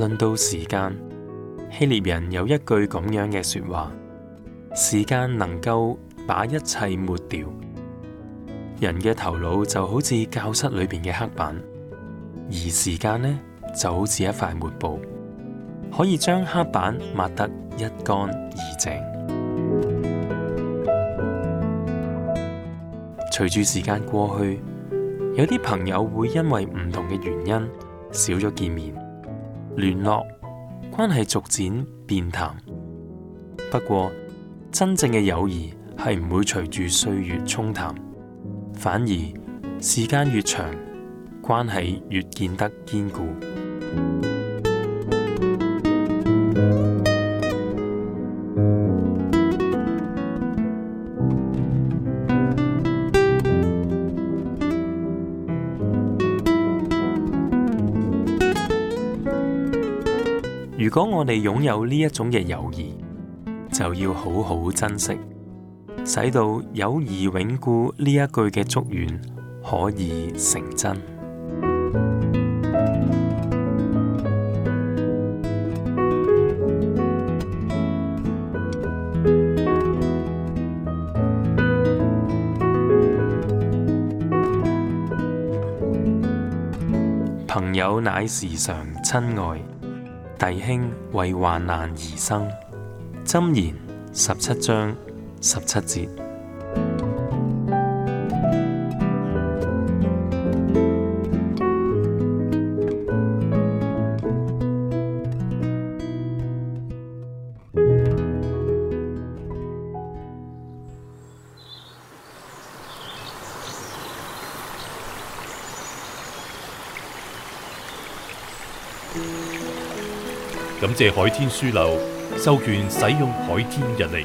論到時間，希臘人有一句咁樣嘅說話：時間能夠把一切抹掉。人嘅頭腦就好似教室裏邊嘅黑板，而時間呢，就好似一塊抹布，可以將黑板抹得一乾二淨。隨住時間過去，有啲朋友會因為唔同嘅原因少咗見面。聯絡關係逐漸變淡，不過真正嘅友誼係唔會隨住歲月沖淡，反而時間越長，關係越見得堅固。如果我哋擁有呢一種嘅友誼，就要好好珍惜，使到友誼永固。呢一句嘅祝願可以成真。 朋友乃時常親愛。弟兄為患難而生，箴言十七章十七節。 感謝海天書樓授權使用海天日曆，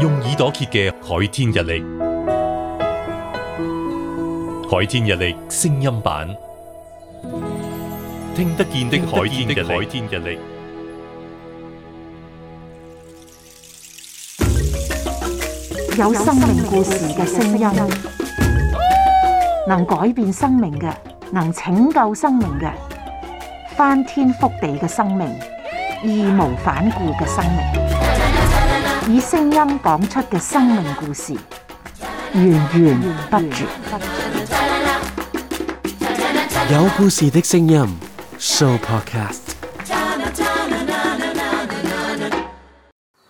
用耳朵揭嘅海天日曆，海天日曆聲音版，聽得見的海天日曆，有生命故事嘅聲音。能改變生命嘅，能拯救生命嘅，翻天覆地嘅生命，義無反顧嘅生命，以聲音講出嘅生命故事，源源不絕。有故事的聲音，Sooo Podcast。